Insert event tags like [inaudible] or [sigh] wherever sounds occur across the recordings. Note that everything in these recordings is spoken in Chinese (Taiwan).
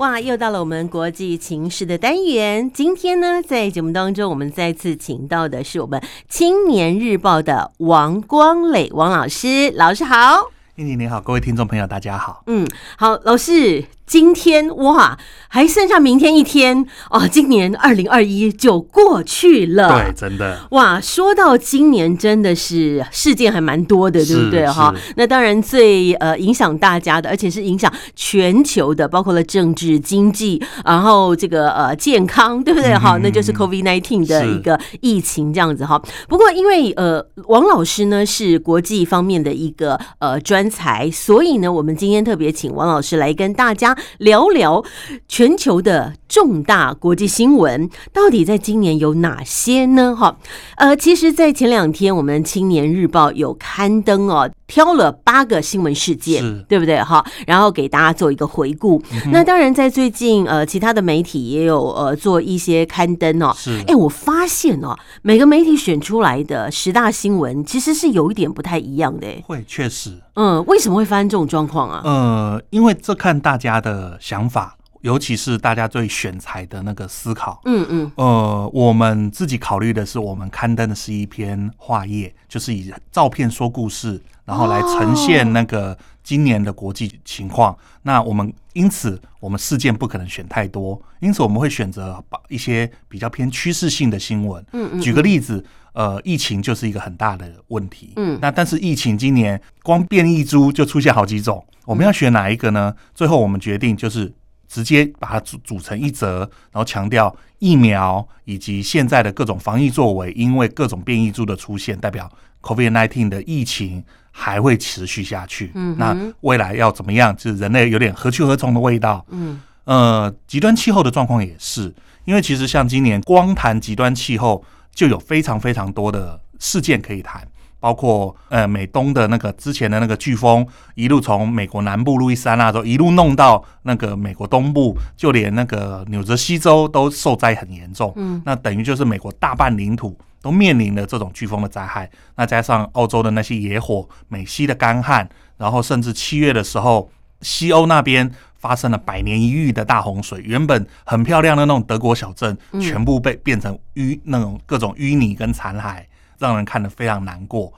哇，又到了我們國際情勢的單元。今天呢，在節目當中，我們再次請到的是我們《青年日報》的王光磊王老師。老師好，英姐您好，各位聽眾朋友大家好。嗯，好，老師。今天哇，還剩下明天一天哦，今年二零二一就過去了，對，真的哇！說到今年，真的是事件還蠻多的，對不對哈？那當然最呃影響大家的，而且是影響全球的，包括了政治、經濟，然後這個呃健康，對不對哈、嗯？那就是 COVID nineteen 的一個疫情這樣子哈。是不過因為呃，王老師呢是國際方面的一個呃專才，所以呢，我們今天特別請王老師來跟大家。聊聊全球的重大國際新聞，到底在今年有哪些呢？哈呃，其實在前兩天，我們《青年日報》有刊登哦。挑了八個新聞事件，是對不對？哈，然後給大家做一個回顧。嗯、哼那當然，在最近呃，其他的媒體也有呃做一些刊登哦。是，哎，我發現哦，每個媒體選出來的十大新聞其實是有一點不太一樣的。會，確實，嗯，為什麼會發生這種狀況啊？呃，因為這看大家的想法。尤其是大家對選材的那個思考，嗯嗯，呃，我們自己考慮的是，我們刊登的是一篇畫頁，就是以照片說故事，然後來呈現那個今年的國際情況。哦、那我們因此，我們事件不可能選太多，因此我們會選擇把一些比較偏趨勢性的新聞。嗯嗯，嗯，舉個例子，呃，疫情就是一個很大的問題。嗯，那但是疫情今年光變異株就出現好幾種，我們要選哪一個呢？嗯、最後我們決定就是。直接把它組組成一則，然後強調疫苗以及現在的各種防疫作為，因為各種變異株的出現，代表 COVID-19 的疫情還會持續下去。嗯哼，那未來要怎麼樣？就是人類有點何去何從的味道。嗯，呃，極端氣候的狀況也是，因為其實像今年光談極端氣候，就有非常非常多的事件可以談。包括呃，美東的那個之前的那個颶風，一路從美國南部路易斯安那州一路弄到那個美國東部，就連那個紐澤西州都受災很嚴重。嗯，那等於就是美國大半領土都面臨了這種颶風的災害。那加上歐洲的那些野火、美西的乾旱，然後甚至七月的時候，西歐那邊發生了百年一遇的大洪水，原本很漂亮的那種德國小鎮，嗯、全部被變成淤那種各種淤泥跟殘骸。讓人看得非常難過。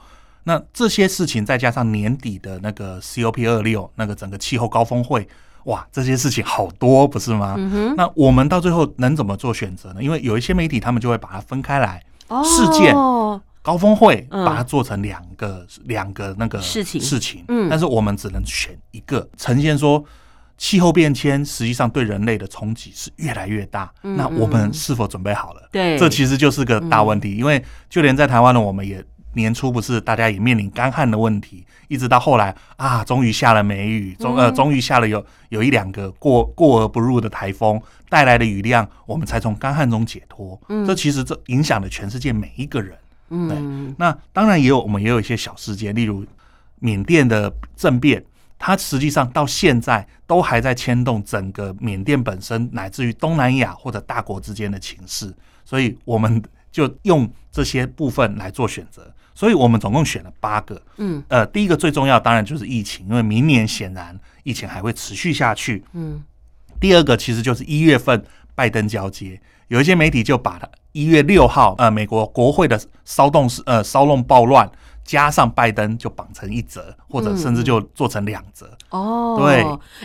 那這些事情，再加上年底的那個 COP 二六那個整個氣候高峰會，哇，這些事情好多，不是嗎？嗯、哼那我們到最後能怎麼做選擇呢？因為有一些媒體，他們就會把它分開來事件、哦、高峰會，把它做成兩個、嗯、兩個那個事情，事情、嗯、但是我們只能選一個呈現說。氣候變遷實際上對人類的衝擊是越來越大，嗯嗯，那我們是否準備好了？對，這其實就是個大問題，嗯、因為就連在台灣呢，我們也年初不是大家也面臨乾旱的問題，一直到後來啊，終於下了梅雨，終、嗯、呃，終於下了有有一兩個過過而不入的台風帶來的雨量，我們才從乾旱中解脫。嗯，這其實這影響了全世界每一個人。嗯，對，那當然也有我們也有一些小事件，例如緬甸的政變。它實際上到現在都還在牽動整個緬甸本身，乃至於東南亞或者大國之間的情勢，所以我們就用這些部分來做選擇。所以，我們總共選了八個。嗯，呃，第一個最重要當然就是疫情，因為明年顯然疫情還會持續下去。嗯，第二個其實就是一月份拜登交接，有一些媒體就把它一月六號呃美國國會的騷動是呃騷動暴亂。加上拜登就綁成一則，或者甚至就做成兩則哦。嗯 oh，對，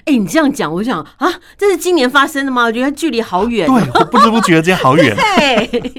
哎、欸，你這樣講，我想啊，這是今年發生的嗎？我覺得距離好遠。對，我不知不覺之間好遠。對， [laughs]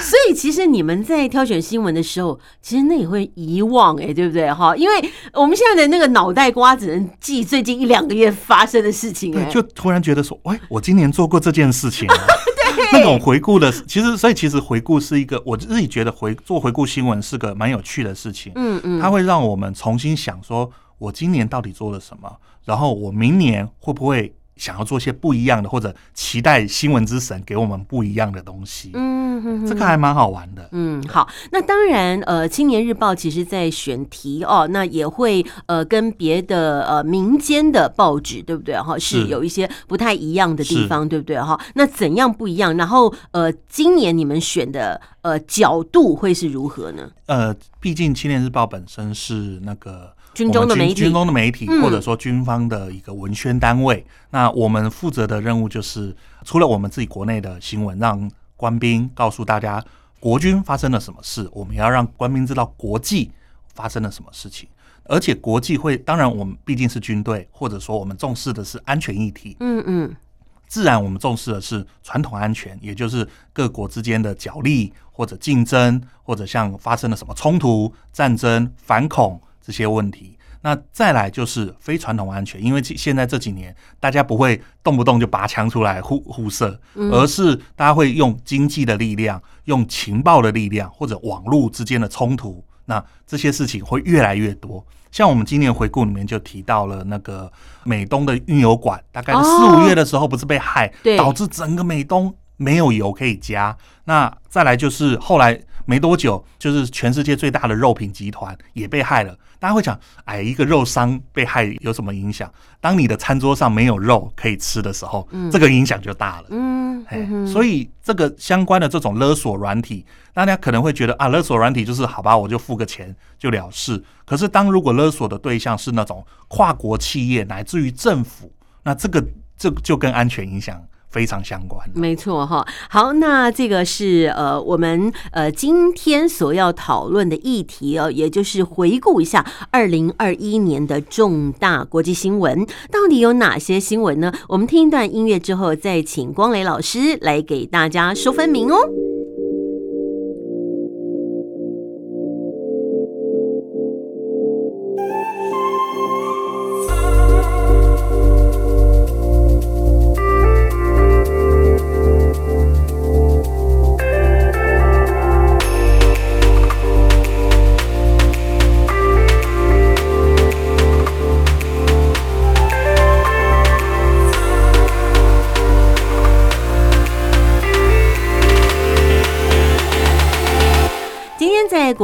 所以其實你們在挑選新聞的時候，其實那也會遺忘，欸，哎，對不對？哈，因為我們現在的那個腦袋瓜只能記最近一兩個月發生的事情、欸，對，就突然覺得說，哎、欸，我今年做過這件事情、啊。 [laughs] 那種回顧的，其實所以其實回顧是一個我自己覺得回做回顧新聞是個蠻有趣的事情，嗯嗯，它會讓我們重新想說，我今年到底做了什麼，然後我明年會不會想要做些不一樣的，或者期待新聞之神給我們不一樣的東西，嗯，這個還蠻好玩的。嗯，好。那當然，呃，青年日報其實在選題哦，那也會呃跟別的呃民間的報紙對不對哈、啊，是有一些不太一樣的地方，是對不對哈、啊？那怎樣不一樣？然後呃，今年你們選的呃角度會是如何呢？呃，畢竟青年日報本身是那個軍，軍中的媒體，媒體嗯、或者說軍方的一個文宣單位。那我們負責的任務就是，除了我們自己國內的新聞，讓官兵告訴大家。國軍發生了什麼事？我們要讓官兵知道國際發生了什麼事情，而且國際會，當然我們畢竟是軍隊，或者說我們重視的是安全議題。嗯嗯，自然我們重視的是傳統安全，也就是各國之間的角力或者競爭，或者像發生了什麼衝突、戰爭、反恐這些問題。那再來就是非傳統安全，因為現在這幾年大家不會動不動就拔槍出來互互射，而是大家會用經濟的力量、用情報的力量或者網絡之間的衝突，那這些事情會越來越多。像我們今年回顧裡面就提到了那個美東的運油管，大概四五月的時候不是被駭，哦、導致整個美東沒有油可以加。那再來就是後來沒多久，就是全世界最大的肉品集團也被駭了。大家會講，哎，一個肉商被害有什麼影響？當你的餐桌上沒有肉可以吃的時候，嗯、這個影響就大了。嗯，嘿嗯，所以這個相關的這種勒索軟體，大家可能會覺得啊，勒索軟體就是好吧，我就付個錢就了事。可是當如果勒索的對象是那種跨國企業乃至於政府，那這個這就，就跟安全影響非常相關，沒錯哈。好，那這個是呃，我們呃今天所要討論的議題哦，也就是回顧一下2021年的重大國際新聞，到底有哪些新聞呢？我們聽一段音樂之後，再請光磊老師來給大家說分明哦。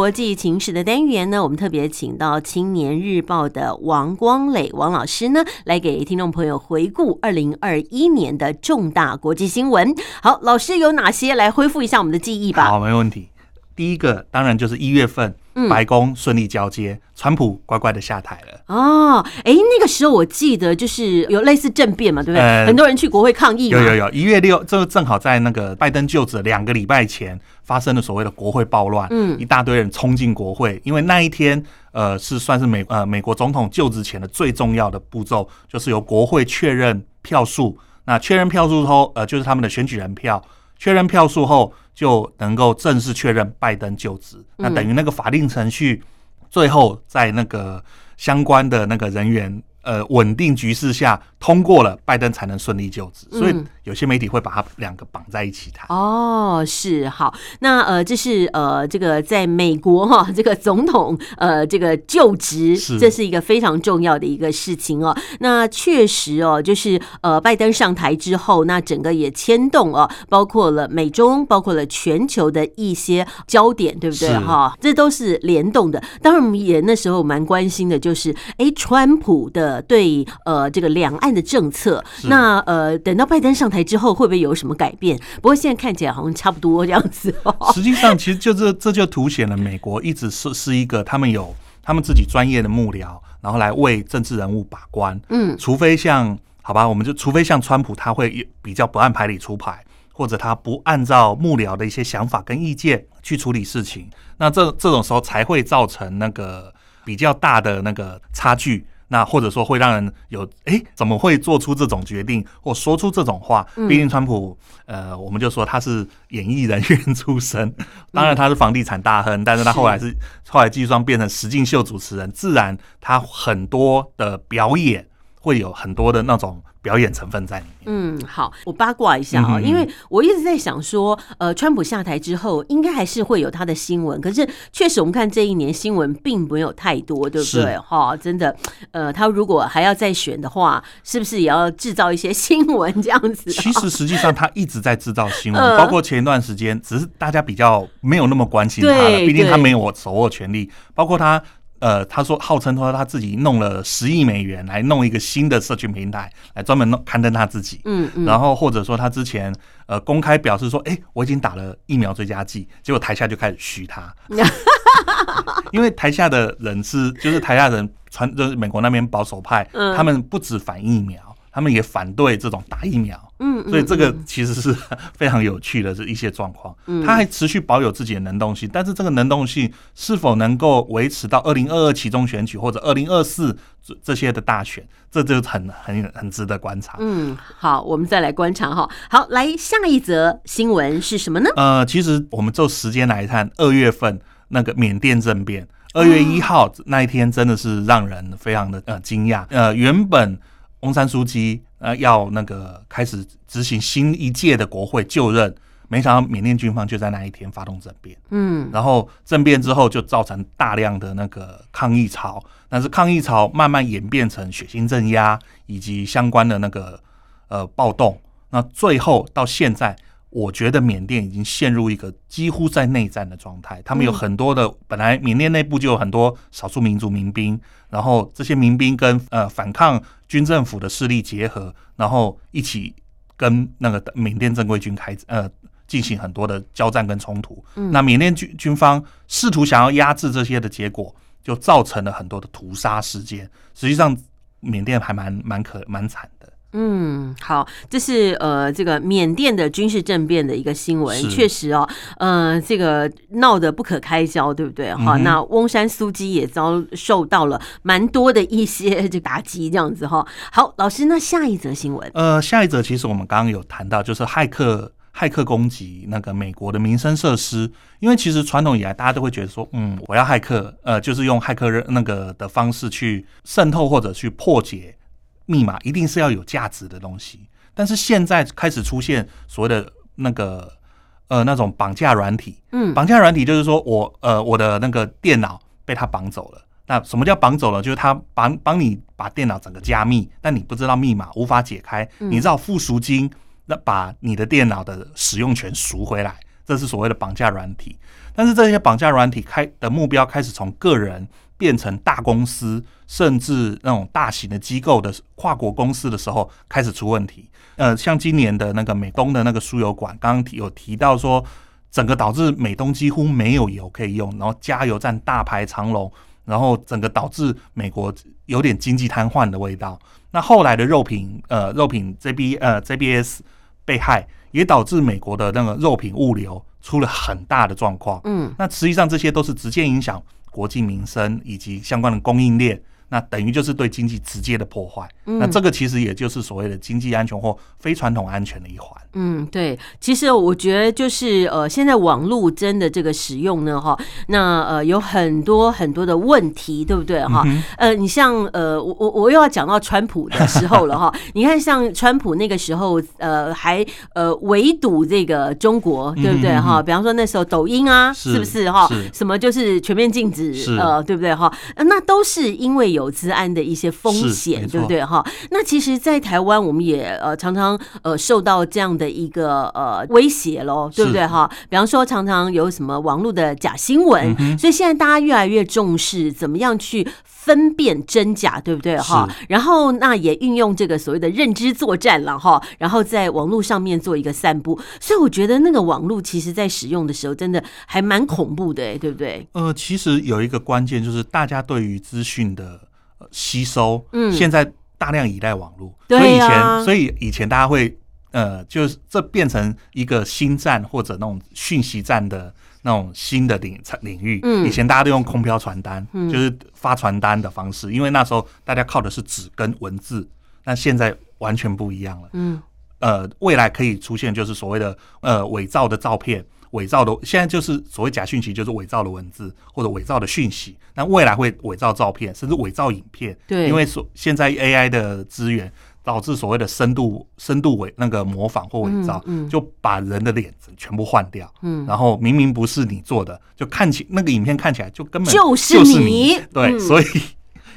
國際情勢的單元呢，我們特別請到《青年日報》的王光磊王老師呢，來給聽眾朋友回顧二零二一年的重大國際新聞。好，老師有哪些？來恢復一下我們的記憶吧。好，沒問題。第一個當然就是一月份，白宮順利交接，嗯，川普乖乖的下台了。哦，哎、欸，那個時候我記得就是有類似政變嘛，對不對？嗯、很多人去國會抗議。有有有，一月六，這個正好在那個拜登就職兩個禮拜前發生了所謂的國會暴亂。嗯，一大堆人衝進國會，因為那一天呃是算是美呃美國總統就職前的最重要的步驟，就是由國會確認票數。那確認票數後，呃，就是他們的選舉人票確認票數後。就能夠正式確認拜登就職，那等於那個法令程序最後在那個相關的那個人員。呃，穩定局勢下通過了，拜登才能順利就職，嗯、所以有些媒體會把他兩個綁在一起談。哦，是好，那呃，這是呃，這個在美國哈、哦，這個總統呃，這個就職，是這是一個非常重要的一個事情哦。那確實哦，就是呃，拜登上台之後，那整個也牽動哦，包括了美中，包括了全球的一些焦點，對不對哈是、哦，這都是聯動的。當然，我們也那時候蠻關心的就是，哎，川普的。對呃，這個兩岸的政策，是那呃，等到拜登上台之後，會不會有什麼改變？不過現在看起來好像差不多這樣子哦。實際上，其實就這 [laughs] 這就凸顯了美國一直是是一個他們有他們自己專業的幕僚，然後來為政治人物把關。嗯，除非像好吧，我們就除非像川普，他會比較不按牌理出牌，或者他不按照幕僚的一些想法跟意見去處理事情。那這這種時候才會造成那個比較大的那個差距。那或者說會讓人有哎、欸，怎麼會做出這種決定或說出這種話？畢竟、嗯、川普，呃，我們就說他是演藝人員出身，當然他是房地產大亨，嗯、但是他後來是，是後來繼續當變成實境秀主持人，自然他很多的表演。會有很多的那種表演成分在裡面。嗯，好，我八卦一下啊、哦，嗯、哼因為我一直在想說，呃，川普下台之後，應該還是會有他的新聞。可是，確實我們看這一年新聞並沒有太多，對不對？哈是、哦，真的，呃，他如果還要再選的話，是不是也要製造一些新聞這樣子、哦？其實，實際上他一直在製造新聞，呃、包括前段時間，只是大家比較沒有那麼關心他了，對對，畢竟他沒有我手握權力，包括他。呃，他說號稱說他自己弄了十億美元來弄一個新的社群平台，來專門弄刊登他自己。嗯，嗯，然後或者說他之前呃公開表示說，哎、欸，我已經打了疫苗追加劑，結果台下就開始噓他， [laughs] [laughs] 因為台下的人是就是台下的人傳就是美國那邊保守派，嗯、他們不止反疫苗，他們也反對這種打疫苗。嗯，嗯所以這個其實是非常有趣的這一些狀況，嗯，它還持續保有自己的能動性，但是這個能動性是否能夠維持到二零二二期中選舉或者二零二四這些的大選，這就很很很值得觀察。嗯，好，我們再來觀察哈。好，來下一則新聞是什麼呢？呃，其實我們就時間來看，二月份那個緬甸政變，二月一號那一天真的是讓人非常的呃驚訝。呃，原本翁山蘇姬。呃，要那個開始執行新一屆的國會就任，沒想到緬甸軍方就在那一天發動政變，嗯，然後政變之後就造成大量的那個抗議潮，但是抗議潮慢慢演變成血腥鎮壓以及相關的那個呃暴動，那最後到現在。我覺得緬甸已經陷入一個幾乎在內戰的狀態。他們有很多的，嗯、本來緬甸內部就有很多少數民族民兵，然後這些民兵跟呃反抗軍政府的勢力結合，然後一起跟那個緬甸正規軍開呃進行很多的交戰跟衝突。嗯、那緬甸軍軍方試圖想要壓制這些的結果，就造成了很多的屠殺事件。實際上，緬甸還蠻蠻可蠻慘的。嗯，好，這是呃，這個緬甸的軍事政變的一個新聞，是確實哦，呃，這個鬧得不可開交，對不對？哈、嗯，那翁山蘇姬也遭受到了蠻多的一些就打擊，這樣子哈、哦。好，老師，那下一則新聞，呃，下一則其實我們剛剛有談到，就是駭客駭客攻擊那個美國的民生設施，因為其實傳統以來大家都會覺得說，嗯，我要駭客，呃，就是用駭客那個的方式去滲透或者去破解。密碼一定是要有價值的東西，但是現在開始出現所謂的那個呃、那種綁架軟體，嗯、綁架軟體就是說我呃我的那個電腦被他綁走了，那什麼叫綁走了？就是他綁幫你把電腦整個加密，但你不知道密碼，無法解開，你知道付贖金，嗯、那把你的電腦的使用權贖回來，這是所謂的綁架軟體。但是這些綁架軟體開的目標開始從個人。變成大公司，甚至那種大型的機構的跨國公司的時候，開始出問題。呃，像今年的那個美東的那個輸油管，剛剛有提到說，整個導致美東幾乎沒有油可以用，然後加油站大排長龍，然後整個導致美國有點經濟癱瘓的味道。那後來的肉品，呃，肉品 J B 呃 J B S 被害，也導致美國的那個肉品物流出了很大的狀況。嗯，那實際上這些都是直接影響。國際民生以及相關的供應鏈。那等於就是對經濟直接的破壞，嗯、那這個其實也就是所謂的經濟安全或非傳統安全的一環。嗯，對，其實我覺得就是呃，現在網絡真的這個使用呢，哈，那呃有很多很多的問題，對不對？哈，嗯、哼呃，你像呃，我我我又要講到川普的時候了，哈， [laughs] 你看像川普那個時候，呃，還呃圍堵這個中國，對不對？哈、嗯，比方說那時候抖音啊，是，是不是哈？是什麼就是全面禁止，是呃，對不對？哈，那都是因為有。投資案的一些風險，對不對哈？那其實，在台灣，我們也呃常常呃受到這樣的一個呃威脅嘍，對不對哈？是比方說，常常有什麼網絡的假新聞，嗯、哼所以現在大家越來越重視怎麼樣去分辨真假，對不對哈？是然後，那也運用這個所謂的認知作戰了哈，然後在網絡上面做一個散布。所以，我覺得那個網絡其實在使用的時候，真的還蠻恐怖的、欸，對不對？呃，其實有一個關鍵就是，大家對於資訊的。吸收，現在大量依賴網絡，嗯，對啊、所以以前，所以以前大家會，呃，就是這變成一個新戰或者那種訊息戰的那種新的領領域。嗯，以前大家都用空飄傳單，嗯、就是發傳單的方式，因為那時候大家靠的是紙跟文字，那現在完全不一樣了。嗯，呃，未來可以出現就是所謂的呃偽造的照片。偽造的，現在就是所謂假訊息，就是偽造的文字或者偽造的訊息。那未來會偽造照片，甚至偽造影片。對，因為所現在 AI 的資源導致所謂的深度深度偽那個模仿或偽造，就把人的臉全部換掉。嗯，然後明明不是你做的，就看起那個影片看起來就根本就是你。對，所以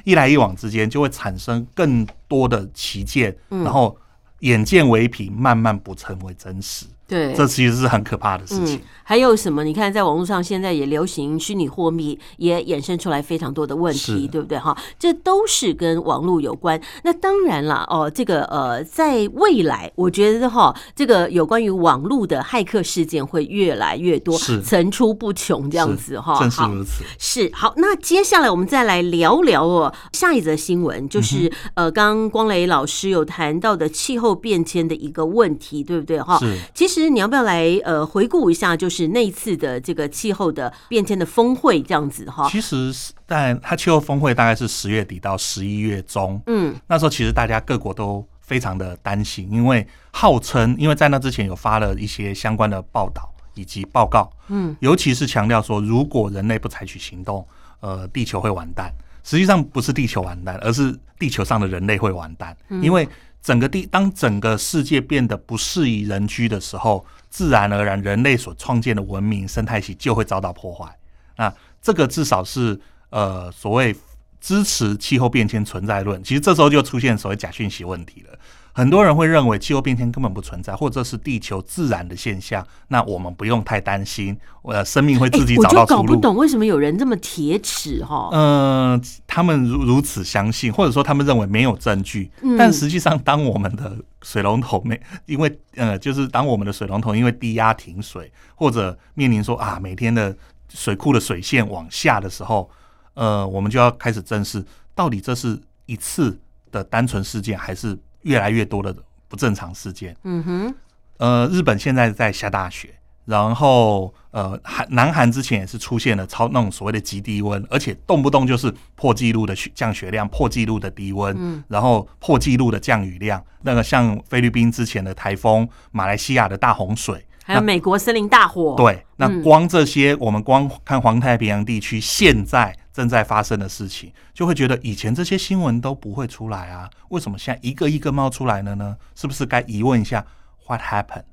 一來一往之間就會產生更多的歧見，然後眼見為憑，慢慢不成為真實。對，這其實是很可怕的事情。嗯、還有什麼？你看，在網絡上現在也流行虛擬貨幣，也衍生出來非常多的問題，是對不對？哈、哦，這都是跟網絡有關。那當然了，哦，這個呃，在未來，我覺得哈、哦，這個有關於網絡的駭客事件會越來越多，是層出不窮這樣子哈。是哦、正是如此。好是好，那接下來我們再來聊聊哦，下一則新聞就是、嗯、哼呃，剛剛光磊老師有談到的氣候變遷的一個問題，對不對？哈，是。其實。其實你要不要來呃回顧一下，就是那一次的這個氣候的變遷的峰會這樣子哈？其實是，但它氣候峰會大概是十月底到十一月中，嗯，那時候其實大家各國都非常的擔心，因為號稱因為在那之前有發了一些相關的報道以及報告，嗯，尤其是強調說，如果人類不採取行動，呃，地球會完蛋。實際上不是地球完蛋，而是地球上的人類會完蛋，嗯，因為。整個地，當整個世界變得不適宜人居的時候，自然而然，人類所創建的文明生態系就會遭到破壞。那這個至少是呃，所謂支持氣候變遷存在論，其實這時候就出現所謂假訊息問題了。很多人會認為氣候變遷根本不存在，或者這是地球自然的現象，那我們不用太擔心，呃，生命會自己找到出路。欸、我就搞不懂為什麼有人這麼鐵齒哈？嗯、呃，他們如此相信，或者說他們認為沒有證據，嗯、但實際上，當我們的水龍頭沒，因為呃，就是當我們的水龍頭因為低壓停水，或者面臨說啊，每天的水庫的水線往下的時候，呃，我們就要開始正視，到底這是一次的單純事件，還是？越來越多的不正常事件。嗯哼，呃，日本現在在下大雪，然後呃，韓南韓之前也是出現了超那種所謂的極低溫，而且動不動就是破紀錄的降雪量，破紀錄的低溫，嗯、然後破紀錄的降雨量。那個像菲律賓之前的台風，馬來西亞的大洪水。還有美國森林大火，對，那光這些，我們光看環太平洋地區現在正在發生的事情，就會覺得以前這些新聞都不會出來啊，為什麼現在一個一個冒出來了呢？是不是該疑問一下 What happened？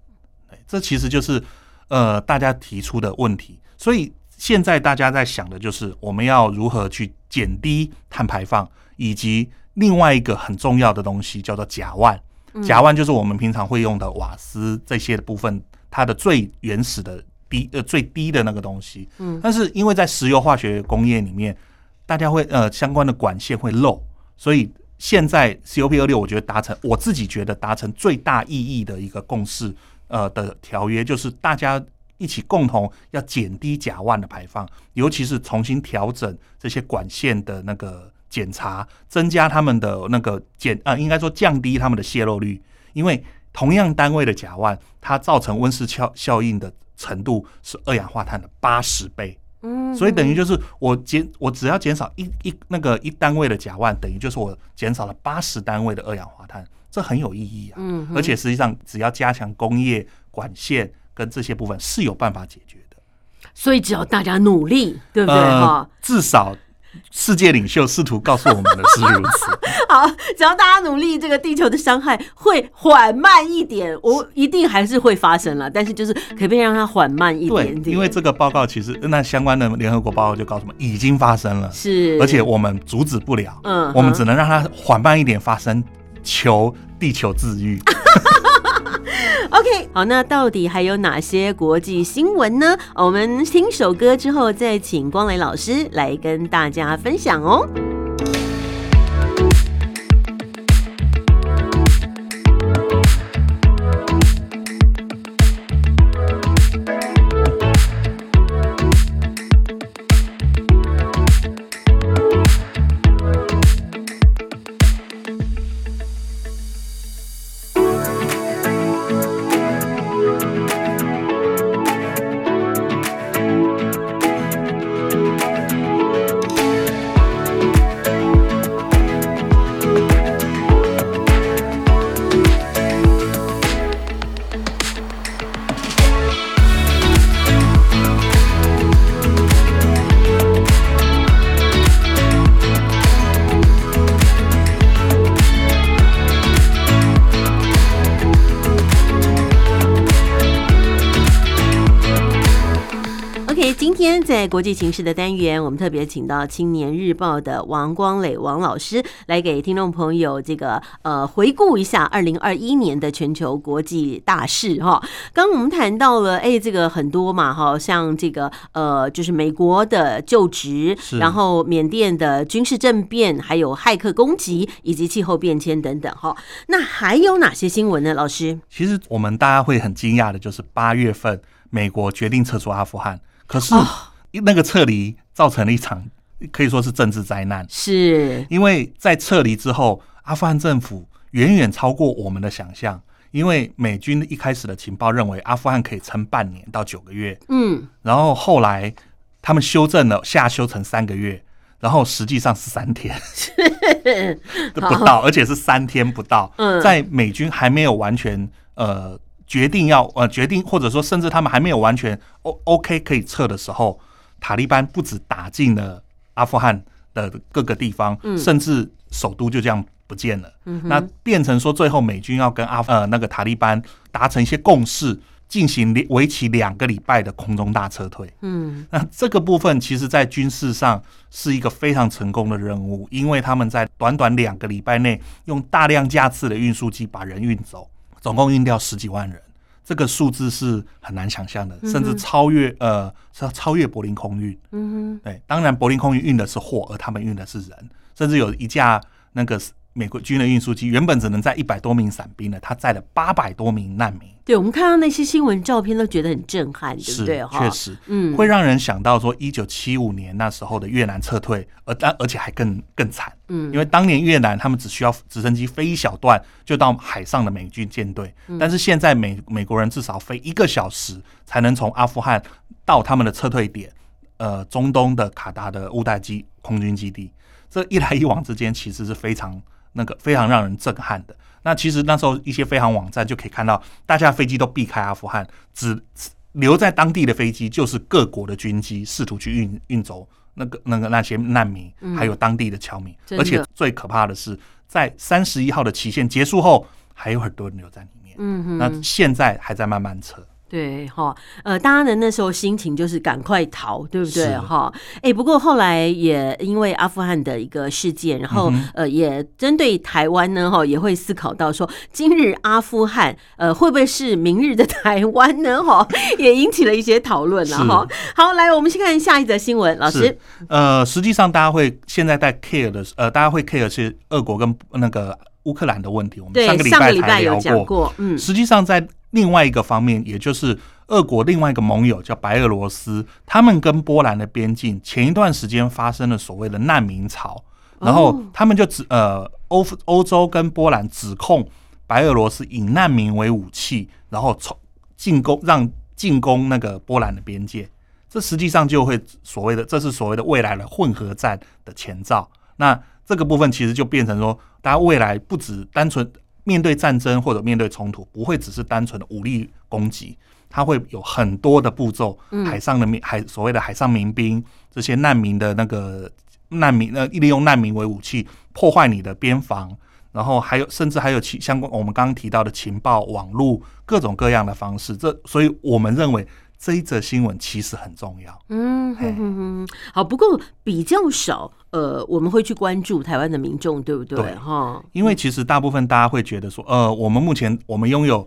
這其實就是呃大家提出的問題。所以現在大家在想的就是，我們要如何去減低碳排放，以及另外一個很重要的東西叫做甲烷。甲烷就是我們平常會用的瓦斯這些的部分。它的最原始的低呃最低的那個東西，嗯，但是因為在石油化學工業裡面，大家會呃相關的管線會漏，所以現在 COP 二六，我覺得達成我自己覺得達成最大意義的一個共識，呃的條約就是大家一起共同要減低甲烷的排放，尤其是重新調整這些管線的那個檢查，增加他們的那個減啊、呃，應該說降低他們的洩漏率，因為。同樣單位的甲烷，它造成溫室效效應的程度是二氧化碳的八十倍。嗯，所以等於就是我減，我只要減少一一那個一單位的甲烷，等於就是我減少了八十單位的二氧化碳，這很有意義啊。嗯，而且實際上只要加強工業管線跟這些部分是有辦法解決的。所以只要大家努力，對不對？至少世界領袖試圖告訴我們的是如此。 [laughs] 好，只要大家努力，這個地球的傷害會緩慢一點。我一定還是會發生了，但是就是可不可以讓它緩慢一點點？因為這個報告其實，那相關的聯合國報告就告訴我們，已經發生了，是，而且我們阻止不了，嗯、uh-huh、我們只能讓它緩慢一點發生，求地球治癒。 [laughs] OK，好，那到底還有哪些國際新聞呢？我們聽首歌之後，再請光磊老師來跟大家分享哦。國際情勢的單元，我們特別請到《青年日報》的王光磊王老師來給聽眾朋友這個呃回顧一下二零二一年的全球國際大事哈。剛我們談到了哎、欸、這個很多嘛哈，像這個呃就是美國的就職，是然後緬甸的軍事政變，還有駭客攻擊以及氣候變遷等等哈。那還有哪些新聞呢？老師，其實我們大家會很驚訝的就是八月份美國決定撤出阿富汗，可是、哦。那個撤離造成了一場可以說是政治災難，是因為在撤離之後，阿富汗政府遠遠超過我們的想象。嗯、因為美軍一開始的情報認為阿富汗可以撐半年到九個月，嗯，然後後來他們修正了，下修成三個月，然後實際上是三天，是 [laughs] 不到，好而且是三天不到，嗯、在美軍還沒有完全呃決定要呃決定，或者說甚至他們還沒有完全 O OK 可以撤的時候。塔利班不止打進了阿富汗的各個地方，嗯、甚至首都就這樣不見了。嗯、哼那變成說，最後美軍要跟阿呃那個塔利班達成一些共識，進行維為期兩個禮拜的空中大撤退。嗯，那這個部分其實，在軍事上是一個非常成功的任務，因為他們在短短兩個禮拜內，用大量架次的運輸機把人運走，總共運掉十幾萬人。這個數字是很難想象的，嗯、哼甚至超越呃，超超越柏林空運。嗯哼，對，當然柏林空運運的是貨，而他們運的是人，甚至有一架那個。美國軍的運輸機原本只能載一百多名傘兵的，它載了八百多名難民。對，我們看到那些新聞照片都覺得很震撼，對不對？是，確實，嗯，會讓人想到說一九七五年那時候的越南撤退，而但而且還更更慘，嗯，因為當年越南他們只需要直升機飛一小段就到海上的美軍艦隊，嗯、但是現在美美國人至少飛一個小時才能從阿富汗到他們的撤退點，呃，中東的卡達的烏代機空軍基地，這一來一往之間其實是非常。那個非常讓人震撼的。那其實那時候一些飛航網站就可以看到，大家飛機都避開阿富汗，只留在當地的飛機就是各國的軍機，試圖去運運走那個那個那些難民，嗯、還有當地的僑民。真的。而且最可怕的是，在三十一號的期限結束後，還有很多人留在裡面。嗯哼，那現在還在慢慢撤。對哈，呃，大家呢那時候心情就是趕快逃，對不對？哈是，哎、哦，不過後來也因為阿富汗的一個事件，然後、嗯、哼呃，也針對台灣呢，哈，也會思考到說，今日阿富汗呃會不會是明日的台灣呢？哈、哦，也引起了一些討論了哈是、哦。好，來我們先看下一則新聞，老師。呃，實際上大家會現在在 care 的，呃，大家會 care 是俄國跟那個。烏克蘭的問題，我們上個禮拜才聊過。嗯，實際上，在另外一個方面，也就是俄國另外一個盟友叫白俄羅斯，他們跟波蘭的邊境前一段時間發生了所謂的難民潮，然後他們就指呃歐歐洲跟波蘭指控白俄羅斯以難民為武器，然後從進攻讓進攻那個波蘭的邊界，這實際上就會所謂的這是所謂的未來的混合戰的前兆。那這個部分其實就變成說，大家未來不只單純面對戰爭或者面對衝突，不會只是單純的武力攻擊，它會有很多的步驟。嗯，海上的民海所謂的海上民兵，這些難民的那個難民那、呃、利用難民為武器破壞你的邊防，然後還有甚至還有其相關我們剛剛提到的情報網路各種各樣的方式。這所以我們認為。這一則新聞其實很重要，嗯，哼哼哼。嘿好，不過比較少，呃，我們會去關注台灣的民眾，對不對？哈，因為其實大部分大家會覺得說，嗯、呃，我們目前我們擁有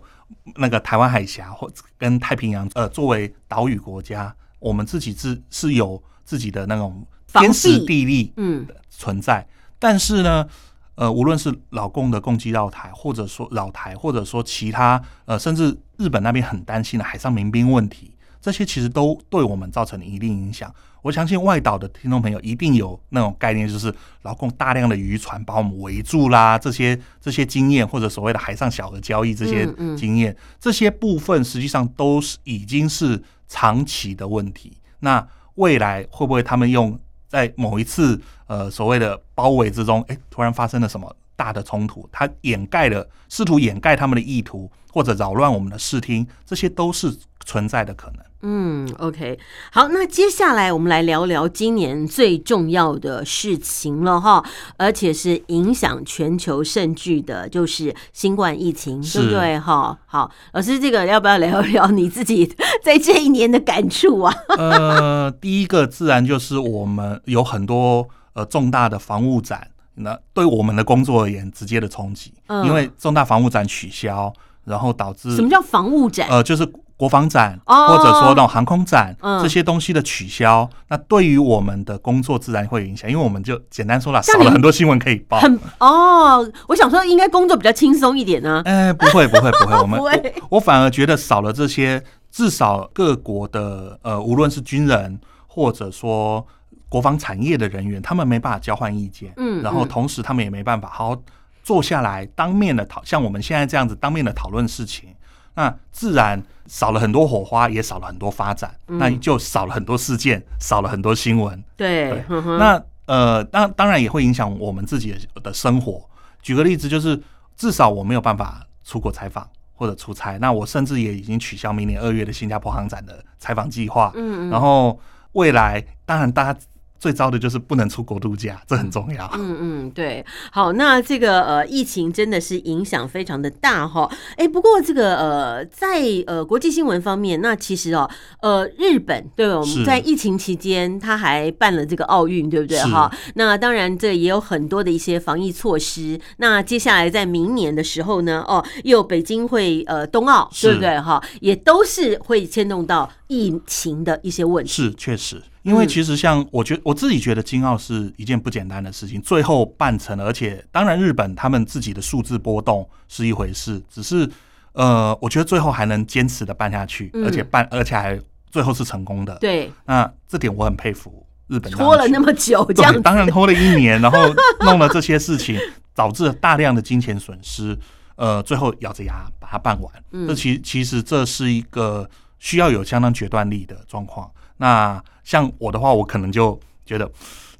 那個台灣海峽或跟太平洋，呃，作為島嶼國家，我們自己自是，是有自己的那種天時地利的地，嗯，存在。但是呢，呃，無論是老共的共的攻擊繞台，或者說老台，或者說其他，呃，甚至日本那邊很擔心的海上民兵問題。這些其實都對我們造成一定影響。我相信外島的聽眾朋友一定有那種概念，就是老共大量的漁船把我們圍住啦，這些這些經驗或者所謂的海上小額交易這些經驗，嗯嗯這些部分實際上都是已經是長期的問題。那未來會不會他們用在某一次呃，所謂的包圍之中，哎，突然發生了什麼大的衝突？它掩蓋了，試圖掩蓋他們的意圖，或者擾亂我們的視聽，這些都是存在的可能。嗯，OK，好，那接下來我們來聊聊今年最重要的事情了哈，而且是影響全球甚巨的，就是新冠疫情，是對不對哈？好，老師，這個要不要聊一聊你自己在這一年的感觸啊？呃，第一個自然就是我們有很多呃重大的防務展，那、呃、對我們的工作而言直接的衝擊，呃、因為重大防務展取消，然後導致什麼叫防務展？呃，就是。國防展，或者說那種航空展這些東西的取消，哦嗯、那對於我們的工作自然會有影響，因為我們就簡單說了，少了很多新聞可以報。很哦，我想說應該工作比較輕鬆一點呢，啊。哎，欸，不會不會不會，不會啊，我們不會我，我反而覺得少了這些，至少各國的呃，無論是軍人或者說國防產業的人員，他們沒辦法交換意見，嗯，嗯然後同時他們也沒辦法好好坐下來當面的討，像我們現在這樣子當面的討論事情。那自然少了很多火花，也少了很多發展，嗯，那你就少了很多事件，少了很多新聞。對，對。嗯哼。那呃，那當然也會影響我們自己的生活。舉個例子，就是至少我沒有辦法出國採訪或者出差。那我甚至也已經取消明年二月的新加坡航展的採訪計劃。嗯嗯。然後未來，當然大家。最糟的就是不能出國度假，這很重要。嗯嗯，對。好，那這個呃，疫情真的是影響非常的大哈。哎，不過這個呃，在呃國際新聞方面，那其實哦，呃，日本對吧？我們是在疫情期間，他還辦了這個奧運，對不對哈是？那當然，這也有很多的一些防疫措施。那接下來在明年的時候呢，哦，又北京會呃冬奧，對不對哈？是也都是會牽動到。疫情的一些問題是，確實，因為其實像我覺得我自己覺得，金奧是一件不簡單的事情，嗯、最後辦成了，而且當然日本他們自己的數字波動是一回事，只是呃，我覺得最後還能堅持的辦下去，嗯、而且辦而且還最後是成功的，對，那這點我很佩服日本拖了那麼久，這樣當然拖了一年，然後弄了這些事情， [laughs] 導致大量的金錢損失，呃，最後咬着牙把它辦完，這其、嗯、其實這是一個。需要有相當決斷力的狀況。那像我的話，我可能就覺得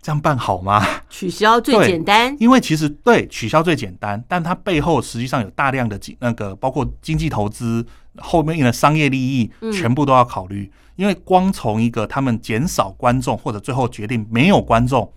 這樣辦好嗎？取消最簡單，因為其實對取消最簡單，但它背後實際上有大量的經那個包括經濟投資後面的商業利益，嗯、全部都要考慮。因為光從一個他們減少觀眾，或者最後決定沒有觀眾。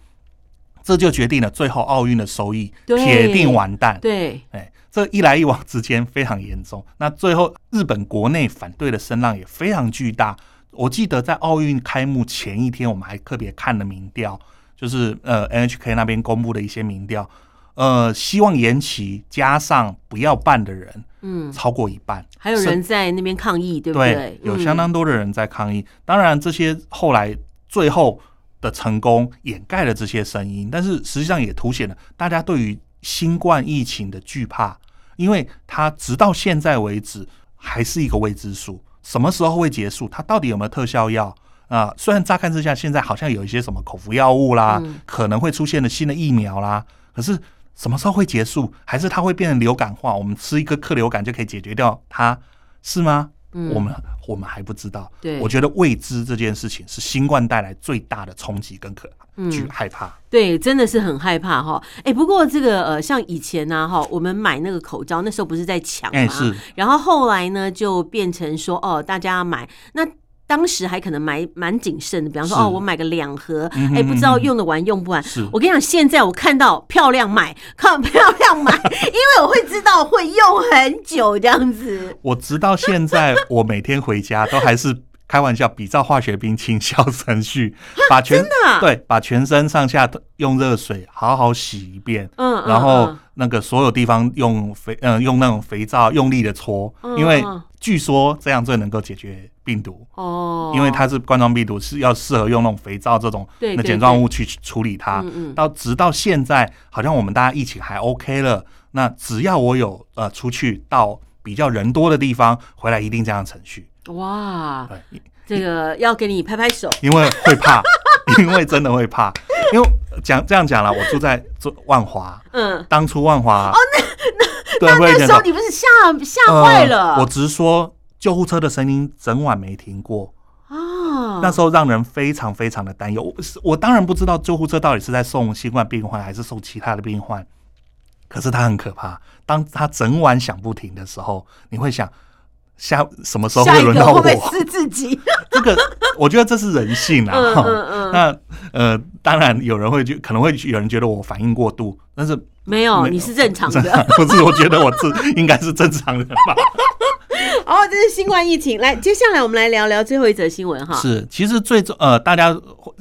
這就決定了最後奧運的收益鐵對定完蛋。對，哎，這一來一往之間非常嚴重。那最後日本國內反對的聲浪也非常巨大。我記得在奧運開幕前一天，我們還特別看了民調，就是呃 NHK 那邊公布的一些民調，呃，希望延期加上不要辦的人，嗯，超過一半。還有人在那邊抗議，對不是對？嗯，有相當多的人在抗議。當然，這些後來最後的成功掩蓋了這些聲音，但是實際上也凸顯了大家對於新冠疫情的懼怕，因為它直到現在為止還是一個未知數，什麼時候會結束？它到底有沒有特效藥啊、呃？雖然乍看之下現在好像有一些什麼口服藥物啦，嗯、可能會出現的新的疫苗啦，可是什麼時候會結束？還是它會變成流感化？我們吃一個克流感就可以解決掉它，是嗎？嗯、我們我們還不知道，對我覺得未知這件事情是新冠帶來最大的衝擊跟可懼、嗯、害怕。對，真的是很害怕哈。哎、欸，不過這個呃，像以前呢、啊、哈，我們買那個口罩，那時候不是在搶嗎、欸？是。然後後來呢，就變成說哦，大家要買那。當時還可能蠻蠻謹慎的，比方說哦，我買個兩盒，哎，不知道用得完用不完。我跟你講，現在我看到漂亮買，看漂亮買，因為我會知道會用很久這樣子。我直到現在，我每天回家都還是開玩笑，比照化學兵清消程序，把全對，把全身上下用熱水好好洗一遍，嗯，然後那個所有地方用肥，嗯，用那種肥皂用力的搓，因為。據說這樣最能夠解決病毒哦，oh, 因為它是冠狀病毒，是要適合用那種肥皂這種的鹼狀物去處理它。嗯嗯、到直到現在，好像我們大家疫情還 OK 了，那只要我有呃出去到比較人多的地方，回來一定這樣程序。哇 Wow,、嗯，這個要給你拍拍手，因為會怕， [laughs] 因為真的會怕，因為講這樣講啦，我住在做萬華，嗯，當初萬華哦那、oh, 那。那對但那時候你不是嚇嚇壞了？呃、我只是說救護車的聲音整晚沒停過、啊、那時候讓人非常非常的擔憂。我我當然不知道救護車到底是在送新冠病患還是送其他的病患，可是它很可怕。當它整晚響不停的時候，你會想：下什麼時候會輪到我？會不會是自己？這個我覺得這是人性啊。那呃，當然有人會覺，可能會有人覺得我反應過度，但是。沒有，你是正常的正常。不是，我覺得我是應該是正常人吧。哦， [laughs] [laughs] 這是新冠疫情。來，接下來我們來聊聊最後一則新聞哈。是，其實最終呃，大家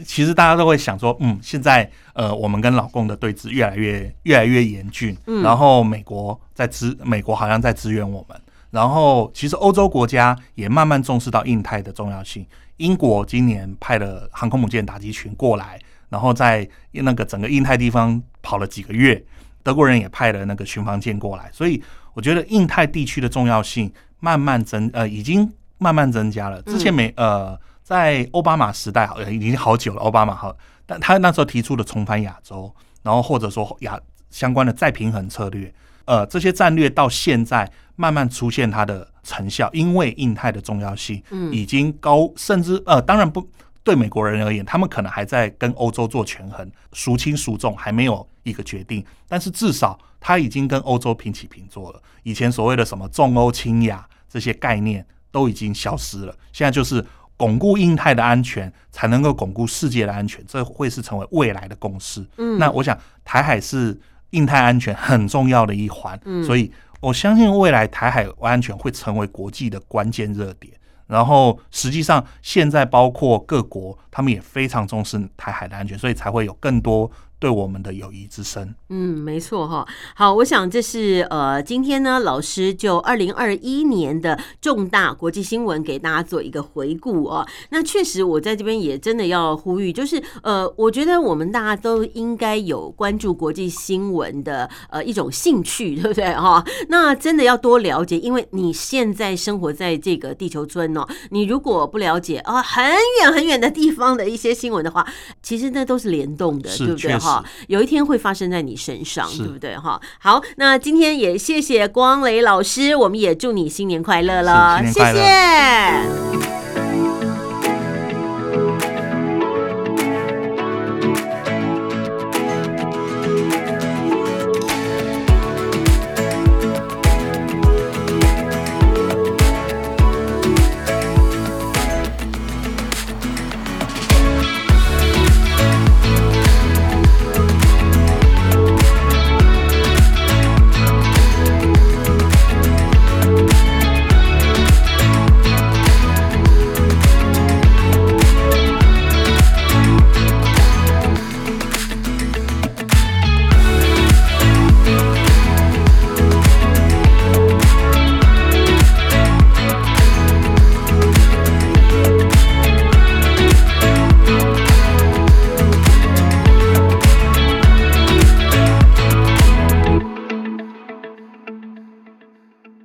其實大家都會想說，嗯，現在呃，我們跟老共的對峙越來越越來越嚴峻。嗯。然後美國在支，美國好像在支援我們。然後其實歐洲國家也慢慢重視到印太的重要性。英國今年派了航空母艦打擊群過來，然後在那個整個印太地方跑了幾個月。德國人也派了那個巡防艦過來，所以我覺得印太地區的重要性慢慢增，呃，已經慢慢增加了。之前美，嗯、呃，在奧巴馬時代好像已經好久了，奧巴馬和但他那時候提出了重返亞洲，然後或者說亞相關的再平衡策略，呃，這些戰略到現在慢慢出現它的成效，因為印太的重要性已經高，嗯、甚至呃，當然不。對美國人而言，他們可能還在跟歐洲做權衡，孰輕孰重還沒有一個決定。但是至少他已經跟歐洲平起平坐了。以前所謂的什麼重歐輕亞這些概念都已經消失了。現在就是鞏固印太的安全，才能夠鞏固世界的安全。這會是成為未來的共識。嗯，那我想台海是印太安全很重要的一環。嗯，所以我相信未來台海安全會成為國際的關鍵熱點。然後，實際上現在包括各國，他們也非常重視台海的安全，所以才會有更多。對我們的友誼之深，嗯，沒錯哈、哦。好，我想這是呃，今天呢，老師就二零二一年的重大國際新聞給大家做一個回顧哦。那確實，我在這邊也真的要呼籲，就是呃，我覺得我們大家都應該有關注國際新聞的呃一種興趣，對不對哈、哦？那真的要多了解，因為你現在生活在這個地球村哦，你如果不了解啊、哦，很遠很遠的地方的一些新聞的話，其實那都是聯動的，是對不對哈？有一天會發生在你身上，是對不對？哈，好，那今天也謝謝光磊老師，我們也祝你新年快樂了，謝謝。